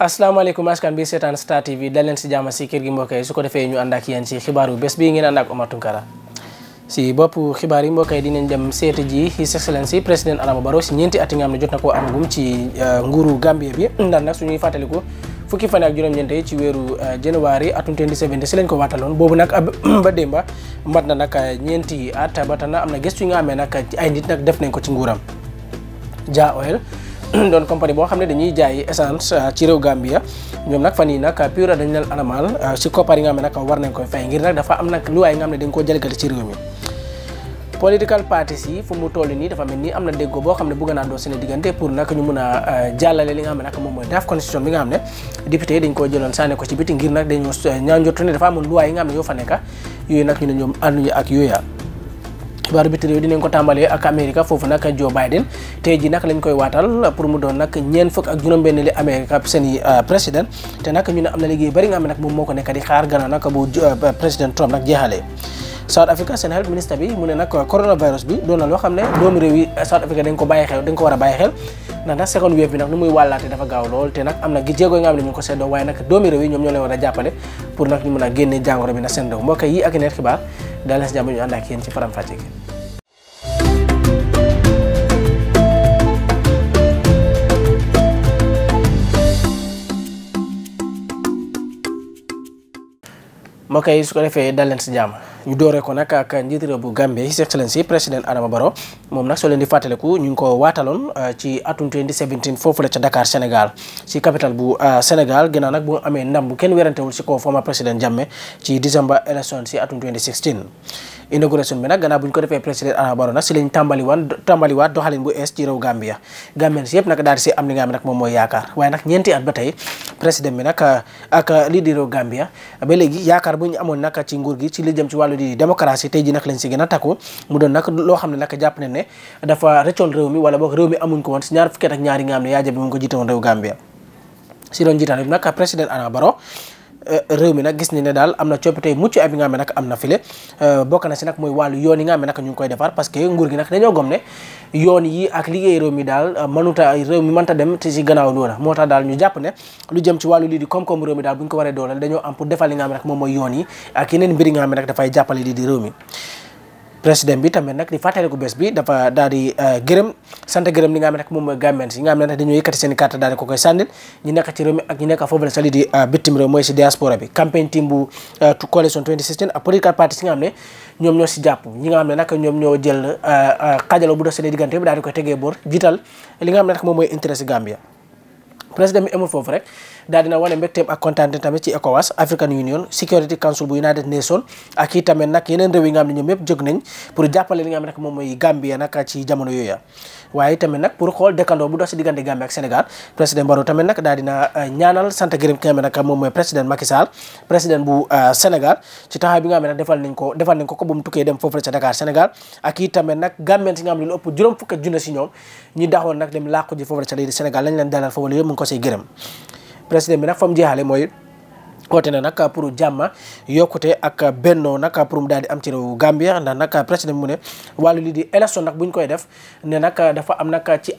asalaamaaleykum askan bi seetaan Star TV dal leen si jàmm si kër gi mbokk yi su ko defee ñu ànd ak yéen si xibaaru bés bii ngeen ànd ak Omar Tunkara si boppu xibaar yi mbokk yi dinañ dem seeti ji His Excellency président Adama Barrow si ñeenti at yi nga xam ne jot na ko koo amagum ci euh, nguuru Gambie bi ndax nag suñuy fàttaliku fukki fan ak juróom-ñeent yi ci weeru euh, janvier atum 2017 si lañ ko waataloon boobu nag ba démba mat na nag euh, ñeenti ata ba na am na gëstu yu nga amee nag ay nit nag def nañ ko ci nguuram doon compagnie boo xam ne dañuy jaay essence euh, ci réew Gambia ñoom nag fan yi nag euh, pure dañu leen anamal si euh, koppar yi nga xam ne nag war nañ koy fay ngir am nag luwaay nga xam ne dañ koo jalgati ci nii dafa mel ni na déggoo boo xam ne bëgg naa doon seen diggante pour nag ñu mun a jàllale li nga xam ne nag moom mooy draft constitution bi nga xam ne député yi dañ koo jëloon sànne ko ci biti ngir nag dañoo ñaan jotu ne dafa amoon loi yi nga xam ne yoo fa nekk yooyu nag ñu ne ñoom ànduñu ak yooya xibaaru biti réew dinañ ko tàmbalee ak Amérique foofu nag Joe Biden tey ji nag lañ koy waatal pour mu doon nag ñeent fukk ak juróom-benn li Amérique seen i euh, président te nag ñu ne am na liggéey bari nga xam ne nag moom moo ko nekk di xaar gannaaw nag bu euh, président Trump nag jeexalee South Africa seen health minister bi mu ne nag coronavirus bi doon na loo xam ne doomu réew yi South Africa dañ ko bàyyi xel dañ a bàyyi xel ndax nag second wave bi nag nu muy wàllaate dafa gaaw lool te nag am na gi jéego yi nga xam ne ñu ko seddoo waaye nag doomu réew yi ñoom ñoo leen war a jàppale pour nag ñu mun a génne jàngoro bi nag seen dëkk moo yi ak yeneen xibaar daal si jàmm ñu ànd ak yéen ci faram fàcce su ko defee dal leen si jàmm ñu dooree nag ak njiit réew bu Gambie His Excellency président Adama Barrow moom nag soo leen di fàttaliku ñu ko waataloon euh, ci atum foofu la Dakar Sénégal ci capital bu euh, Sénégal ginnaaw bu ñu ko defee président Adama Barrow nag si lañ tàmbaliwaan doxalin bu ees ci réew Gambia Gambien si nag daal di am li nga xam nag moom mooy yaakaar waaye nag ñeenti at ba tey président bi nag ak lii di réew Gambia ba léegi yaakaar bu ñu amoon nag ci wàllu di démocratie tey ji nag lañ si gën a takku mu doon loo xam ne nag jàpp ne ne dafa rëccoon réew mi wala boog réew mi amuñ ko woon si ñaar fukki at ñaari nga ne yaa jabe mu ngi ko woon réew Gambia si doon jiitaan bi nag président Adama Barrow Euh, réew mi nag gis ni ne daal am na coppite yu mucc ab yi am na file euh, bokk na si nag mooy wàllu yoon yi nga xam ne nag ñu koy defar parce que nguur gi nag dañoo gom ne yoon yi ak liggéey réew mi daal euh, mënuta réew mi mënta dem ci si gannaaw loola moo tax daal ñu jàpp ne lu jëm ci wàllu lii di koom-koom réew mi daal bu ñu ko waree dooleel dañoo am pour defal li nga xam ne nag moom mooy yoon yi ak yeneen mbir nga xam nag dafay jàppale lii di réew mi président bi tamit nag di fàttaliku bés bi dafa daal di euh, gërëm sant gërëm li nga xam ne moom mooy Gambians euh, si euh, ñi nga xam ne nag ñoom ñoo jël xajaloo bu dox seen diggante bi daal koy tegee boor jiital li nga moom mooy intérêt si Gambia président bi amul foofu rek daal dina wane mbégteem ak kontaante tamit ci ECOWAS African Union Security Council bu United Nations ak i tamit nag yeneen réew yi nga xam ne ñoom yëpp jóg nañ pour jàppale li nga xam ne nag moom mooy Gambia euh, moom mooy président Macky Sall président bu euh, Sénégal ci taxaw bi nga ne nag defal nañ ko defal nañ ko ko bu mu tukkee dem foofu ca Dakar Sénégal ak i tamit nag Gambien si nga xam ne lu ëpp juróom fukk junne si ñoom ñi daxoon nag dem làqu ji foofu ca Sénégal lañ leen dalal foofu la yëpp mu ko say gërëm président bi nag fa mu jeexale woote na nag pour jàmm yokkute ak bennoo nag pour mu daal di def ne nag dafa am nag ci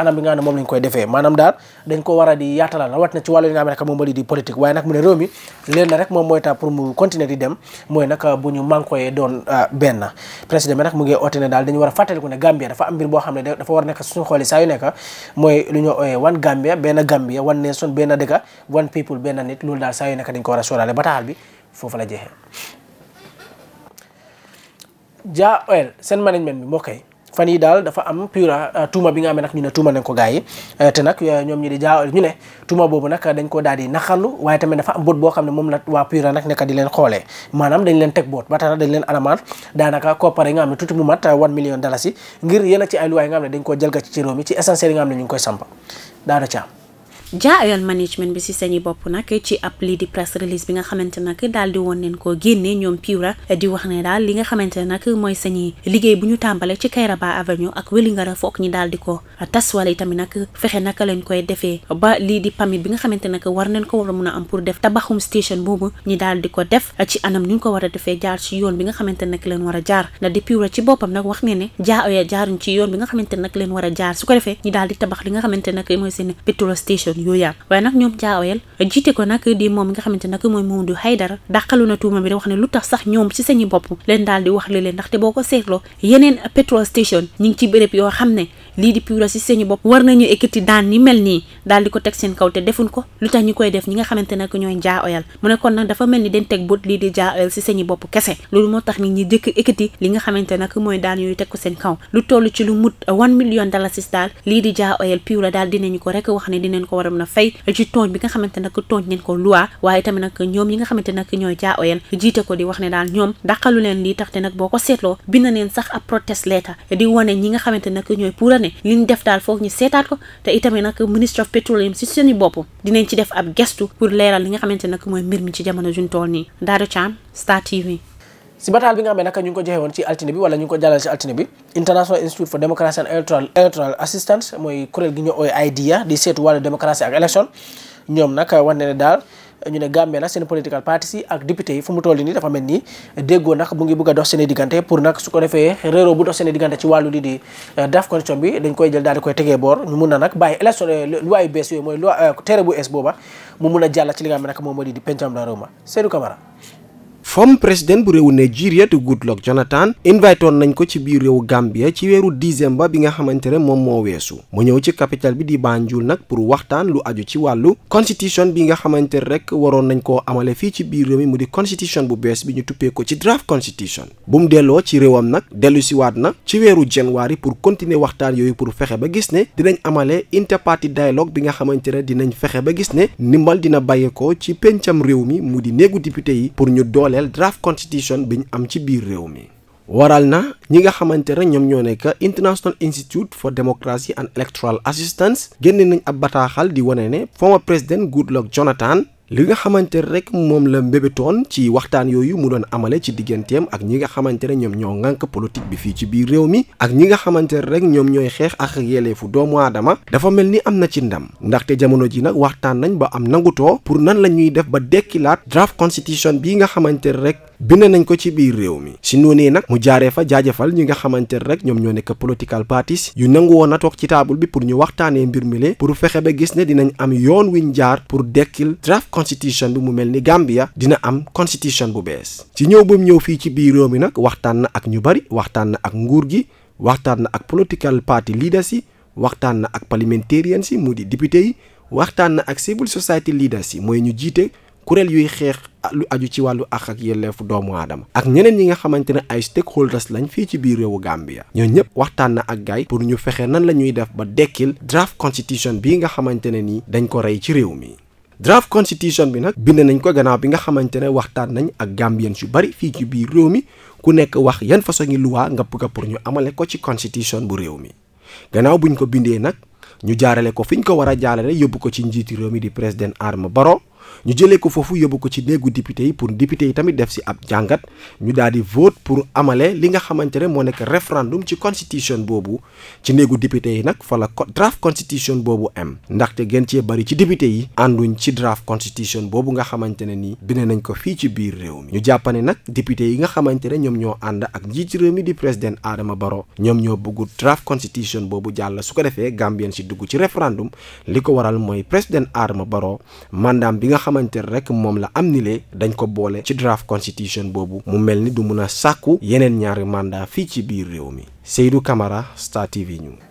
dañ ko war a di yaatalal rawat na ci wàllu waaye nag mu ne réew mi rek moom mooy pour mu continuer di dem mooy nag bu ñu mankoyee doon ah, benn président bi nag mu ngi oote ne daal dañu war a fàttaliku ne Gambia dafa am mbir boo xam ne dafa war a nekk xooli saa yu nekk mooy lu ñu ooyee one Gambia benn Gambia one nation benn dëkk one people benn nit loolu daal saa yu nekk sóoraale bataaxal bi foofu la jeexee Dia Oil seen management bi moo koy fan yi daal dafa am pura euh, tuuma bi nga xam nag ñu ne tuuma nañ ko gars yi euh, te nag euh, ñoom ñi di Dia Oil ñu ne tuuma boobu nag dañ ko daal di naqarlu waaye tamit dafa am boot boo xam ne moom la waa pura nag nekk di leen xoolee maanaam dañ leen teg boot ba tax dañ leen alamaan daanaka koppar yi nga xam ne tuuti mu mat 1 million dalasi ngir yéen a ci ay luwaay nga xam ne dañ koo jalgati ci réew mi ci ñu ngi koy samp daana ci jaayal management bi si sañi bopp nag ci lii di press release bi nga xamante nag daal di woon neen koo génne ñoom Piura di wax ne daal li nga xamante ne nag mooy sañi liggéey bu ñu tàmbale ci Kairaba Avenue ak Wellingara foog ñi daal di ko tas wala itamit nag fexe naka lañ koy defee ba lii di pamit bi nga xamante nag war nañ ko war a a am pour def tabaxum station daal di ko def ci anam ñu a defee jaar ci yoon bi nga xamante nag leen war a jaar ndax di Piura ci boppam nag wax ne ne a jaaruñ ci yoon bi nga xamante nag leen war a jaar su ko defee ñi daal tabax li nga xamante nag mooy seen petrol station yooyaam waaye nag ñoom jaaweel jiite ko nag di moom nga xamante nag mooy Mamadou Haydara dàqalu na tuuma bi da wax ne lu tax sax ñoom ci sañi bopp leen daal di wax li leen ndaxte boo ko seetloo yeneen pétrol station ñi ci béréb yoo xam ne lii di Pura si seeni daal dinañu ko rek wax ne dinañ ko war a mën a fay jiite ko di wax ne daal ñoom dàqalu leen lii tax te nag boo ko seetloo bind neen sax ab protest letter di wane ñi nga xamante ne ñooy Pura ne li ñu def daal foog ñu seetaat ko te itamit nag ministre of petroleum si seeni bopp dinañ ci def ab gestu pour leeral li nga xamante nag mooy mbir mi ci jamono juñ tool nii Dado Thiam Star TV si bataal bi nga xam ne nag ko joxe woon ci altine bi wala ñu ko jàllale ci altine bi International Institute for Democracy and Electoral Electoral mooy kuréel gi ñu ooy IDEA di seetu wàllu démocratie ak élection ñoom nag wane ne daal ñu ne Gambie nag seen political parties yi ak député yi fu mu toll nii dafa mel ni déggoo nag mu ngi bëgg dox seen diggante pour nag su ko defee réeroo bu dox seen i diggante ci wàllu li di eh, daf constitution bi dañ koy jël daal di koy tegee boor ñu mun na nag bàyyi élection eh, loi yu bees yooyu mooy loi eh, tere bu es booba mu mun a jàll ci li nga xam ne nag moom moo di di pencam la réew ma Seydou Camara former président bu réewu Nigeria di Goodluck Jonathan invite woon nañ ko ci biir réewu Gambia ci weeru décembre bi nga xamante ne moom moo weesu mu ñëw ci capital bi di Banjul nag pour waxtaan lu aju ci wàllu constitution bi nga xamante rek waroon nañ koo amale fii ci biir réew mi mu di constitution bu bees bi ñu tuppee ko ci draft constitution bu mu delloo ci réewam nag dellu si waat na ci weeru janvier pour continuer waxtaan yooyu pour fexe ba gis ne dinañ amale interparty dialogue bi nga xamante ne dinañ fexe ba gis ne ndimbal dina bàyyeekoo ci pencam réew mi mu di ñeel draft constitution bi ñu am ci biir réew mi waral na ñi nga xamante ne ñoom ñoo nekk International Institute for Democracy and Electoral Assistance génne nañ ab bataaxal di wane ne former président Goodluck Jonathan li nga xamante rek moom la mbébétoon ci waxtaan yooyu mu doon amale ci digganteem ak ñi nga xamante ne ñoom ñoo ŋànk politique bi fii ci biir réew mi ak ñi nga xamante ne rek ñoom ñooy xeex ak yeleefu doomu aadama dafa mel ni am na ci ndam ndaxte jamono ji nag waxtaan nañ ba am nangutoo pour nan la ñuy def ba dekkilaat draft constitution bi nga xamante rek bind nañ ko ci biir réew mi si noonee nag mu jaaree fa jaajëfal ñi nga xamante rek ñoom ñoo nekk political parties yu nangu woon a toog ci taabul bi pour ñu waxtaanee mbir mi pour fexe ba gis ne dinañ am yoon wiñ jaar pour dekkil draft constitution bi mu mel ni Gambia dina am constitution bu bees ci ñëw bam ñëw fii ci biir réew mi nag waxtaan na ak ñu bari waxtaan na ak nguur gi waxtaan na ak political party leaders yi waxtaan na ak parliamentarians yi mu di député yi waxtaan ak civil society leaders mooy ñu jiite kuréel yuy xeex lu aju ci wàllu àq ak yelleefu doomu aadama ak ñeneen yi nga xamante ne ay stakeholders lañ fii ci biir réewu Gambia ñoo ñëpp waxtaan na ak gaay pour ñu fexe nan la ñuy def ba dekkil draft constitution bii nga xamante ne nii dañ ko rey ci réew mi draft constitution bi nag bind nañ ko gannaaw bi nga xamante ne waxtaan nañ ak Gambiens yu bari fii ci biir réew mi ku nekk wax yan façon ngi luwaa nga bëgg pour ñu amale ko ci constitution bu réew mi gannaaw buñ ko bindee nag ñu jaarale ko fi ñu ko war a jaarale yóbbu ko ci njiiti réew mi di président Adama Barrow ñu jëlee ko foofu yóbbu ko ci néegu député yi pour député yi tamit def si ab jàngat ñu daal di vote pour amale li nga xamante ne moo nekk référendum ci constitution boobu ci néegu député yi nag fa la draft constitution boobu am ndaxte gën cee bari ci député yi ànduñ ci draft constitution boobu nga xamante ne nii bind nañ ko fii ci biir réew mi ñu jàppane nag député yi nga xamante ne ñoom ñoo ànd ak njiit réew mi di président Adama Barrow ñoom ñoo bëggu draft constitution boobu jàll su defee Gambien si dugg ci référendum li ko waral mooy président Adama Barrow mandaam xamante ne rek moom la am nilee dañ ko boole ci draft constitution boobu mu mel ni du mun a sàkku yeneen ñaari mandat fii ci biir réew mi Seydou Camara Star TV News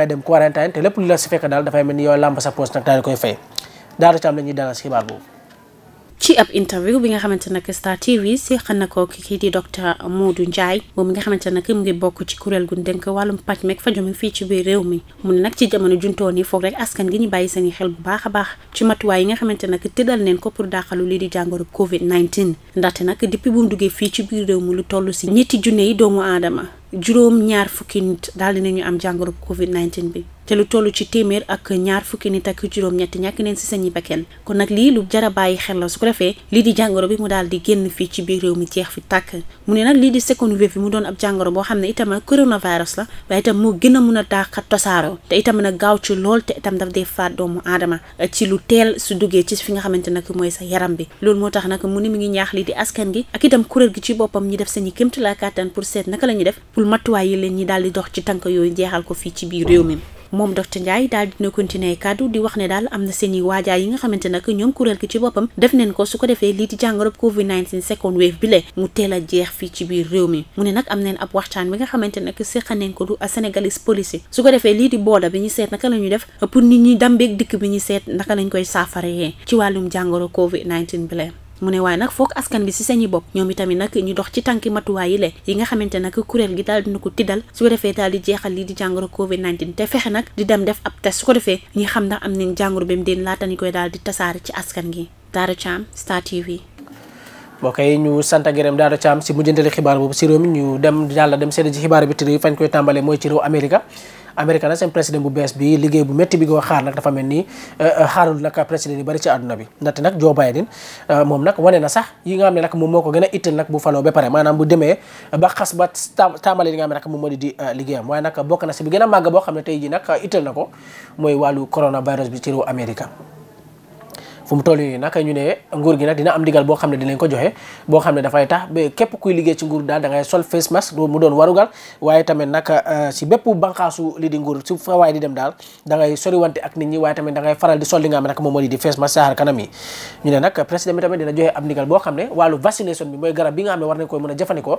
ngay dem quarantaine te lépp lu la si fekk daal dafay mel ni daal di si xibaar boobu. ci ab interview bi nga xamante ne mu ngi bokk ci kuréel gu dénk wàllum pàcc meeg fajoo fii ci biir réew mi mu nag ci jamono juntoon yi foog rek askan gi ñu bàyyi seen xel bu baax a ci matuwaay yi nga xamante ne tëddal neen ko pour dàqalu lii di jàngoro Covid 19 ndaxte nag depuis bu duggee fii ci biir réew mi lu toll si ñetti junne yi doomu aadama. juróom ñaar fukki nit daal dinañu am jàngoro covid 19 bi te lu toll ci téeméer ak ñaar fukki ni takk juróom-ñetti ñàkk neen si seen i bakkan kon nag lii lu jar bàyyi xel la su ko defee lii di jàngoro bi mu daal di génn fii ci biir réew mi jeex fi tàkk mu ne nag lii di second wave bi mu doon ab jàngoro boo xam ne itam coronavirus la waaye itam moo gën a mun a daaxat tosaaroo te itam nag gaaw ci lool te itam daf dee faat doomu aadama ci lu teel su duggee ci fi nga xamante nag mooy sa yaram bi loolu moo tax nag mu ne mu ngi ñaax lii di askan gi ak itam kuréel gi ci boppam ñi def seeni kémtu laa kàttan pour seet naka la ñuy def pour matuwaay yi leen ñi dal di dox ci tànk yooyu jeexal ko fi ci biir réew mi moom te docteur Ndiaye daal dina continuer kàddu di wax ne daal am na seen i waajaay yi nga xamante nag ñoom kuréel gi ci boppam def neen ko su ko defee lii di jàngorob covid 19 second wave bi le mu teel a jeex fii ci biir réew mi mu ne nag am neen ab waxtaan bi nga xamante nag séqa neen ko du sénégalais police yi lii di booda bi ñu seet naka la def pour nit ñi dambeeg dikk bi ñu seet naka lañ koy saafaree ci wàllum jàngoro covid 19 bi le mu ne waaye nag foog askan bi si sañi bopp ñoom itamit nag ñu dox ci tànki matuwaay yi le yi nga xamante nag kuréel gi daal dina ko tiddal su ko defee daal di jeexal lii di jàngoro covid 19 te fexe nag di dem def ab test su ko defee ñi xam ndax am nañ jàngoro bi mu deen laata koy daal di tasaare ci askan gi Dara Thiam Star TV mbokk yi ñu sant ak gërëm Dado Thiam si mujjantali xibaar boobu si réew mi ñu dem yàlla dem seede ji xibaar bi tëdd fañ koy tàmbalee mooy ci réew Amérique américain nag seen président bu bees bi liggéey bu métti bi ko xaar nag dafa mel ni euh, euh, xaarul nag président yi bari ci àdduna bi ndaxte nag Joe Biden euh, moom nag wane na sax yi nga xam ne nag moom moo ko gën a ittal nag bu faloo ba pare maanaam bu demee ba xas ba taamale li nga xam ne nag moom moo di di liggéeyam waaye nag bokk na si bi gën a màgg boo xam ne tey ji nag ittal na ko mooy wàllu coronavirus bi ci réew Amérique fu mu toll nii nag ñu nguur gi nag dina am digal boo xam ne dinañ ko joxe boo xam ne dafay tax ba képp kuy liggéey ci nguur daal da sol face mask mu doon warugal waaye tamit nag euh, si bépp banqaasu li di nga xam ne nag moom moo di face a jëfandikoo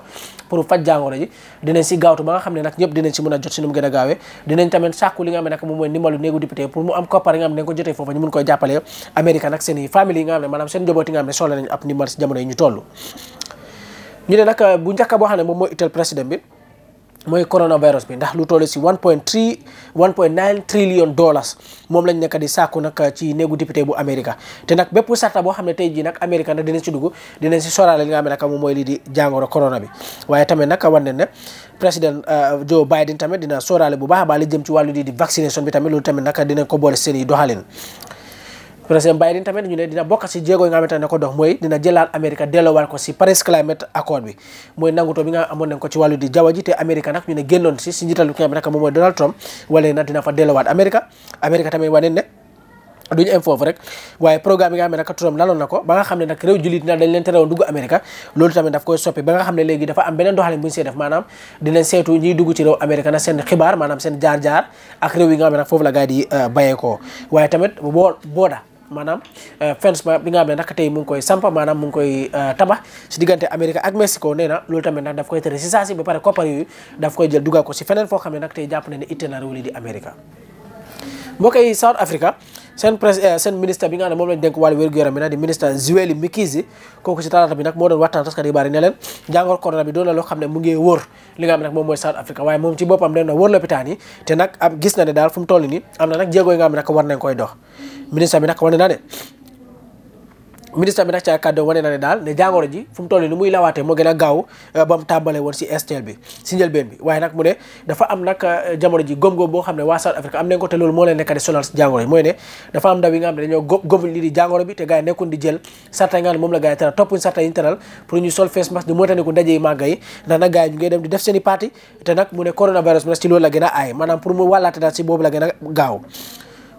pour faj jàngoro ji dinañ si gaawtu ba nga xam ne nag ñëpp dinañ si mën a jot si nu mu gën a gaawee dinañ tamit sàkku li nga xam ne nag moom mooy ndimbalu néegu député pour mu am koppar nga xam ne ko jotee ak seen i famille yi nga xam ne maanaam seen njaboot yi ne soxla nañ ab ndimbal jamono yi ñu toll ñu ne nag euh, bu njëkk boo xam ne moom mooy itteel président bi mooy coronavirus bi ndax lu toll si 1.3 1.9 trillion dollars moom lañ nekk di sàkku nag ci néegu député bu Amérique te nag bépp sarta boo xam ne tey jii nag Amérique nag dinañ si dugg dinañ si soraale li nga xam ne nag moom mooy lii di jàngoro corona bi waaye tamit nag wan ne ne président euh, Joe Biden tamit dina soorale bu baax a jëm ci wàllu di di vaccination bi tamit loolu tamit nag dinañ ko boole seen i doxalin président Biden tamit ñu ne dina bokk si jéego yi nga xamante ne ko dox mooy dina jëlaat Amérique delloowaat ko si Paris Climate Accord bi mooy nangutoo bi nga amoon nañ ko ci wàllu di jaww ji te Amérique nag ñu ne génnoon nga xam ne nag dina foofu rek waaye programme yi nga xam ne na ko ba nga xam ne nag réew jullit na dañ leen terewoon dugg Amérique loolu tamit daf koy soppi ba nga xam ne léegi dafa am beneen doxalin bu ñu see def maanaam dinañ seetu ñiy dugg ci réew Amérique na seen xibaar maanaam seen jaar-jaar ak réew yi nga xam nag foofu la gaa yi di euh, bayeekoo waaye tamit boo booda maanaam euh, fence ba bi nga xam ne nag tey mu ngi koy samp maanaam mu ngi koy euh, tabax si diggante Amérique ak Mexico nee na loolu tamit nag daf koy tere si saa si ba pare koppar yooyu daf koy jël dugal ko si feneen foo xam ne nag tey jàpp na ne itte na réew li di Amérique mbokk yi South Africa seen pres eh, seen ministre bi nga xam ne moom lañ dénk wàllu wér-gu-yaram bi nag di ministre Zweli Mkhize kooku ci bi nag moo doon waxtaan taskat xibaar yi ne leen jàngor corona bi doon na loo xam ne mu ngi wër li nga xam ne nag moom mooy South Africa waaye moom ci boppam dem na wër lopitaan yi te nag gis ne daal fu mu toll am na nag jéego nga xam ne nag war nañ koy dox ministre bi nag wane na ne ministre bi nag ca kàddu wane na ne daal ne jàngoro ji fu mu toll ni muy lawaatee moo gën a gaaw euh, ba mu woon si stl bi si njëlbeen bi dafa am nag euh, jamono ji góom boo xam ne waa South Africa am moo leen nekk di sonal si jàngoro yi mooy ne dafa am ndaw yi nga xam ne dañoo góob góobuñ lii di jàngoro bi te gars yi nekkuñ di jël sarta yi nga xam ne moom la gars yi teral toppuñ sarta yi ñu teral pour ñu sol face mask di moytandiku ndaje yi màgga yi ndax nag gars yi ñu ngay def seen i parti te nag mu ne coronavirus bi si loolu la gën a aay maanaam pour mu wàllaate daal a gaaw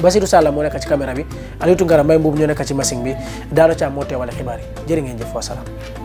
Basirou Sall moo nekk ci caméra bi Aliou Toungara Mbaye Mbuub ñoo nekk ci machine bi Daaro Thiam moo teewale xibaar yi jërë ngeen jëf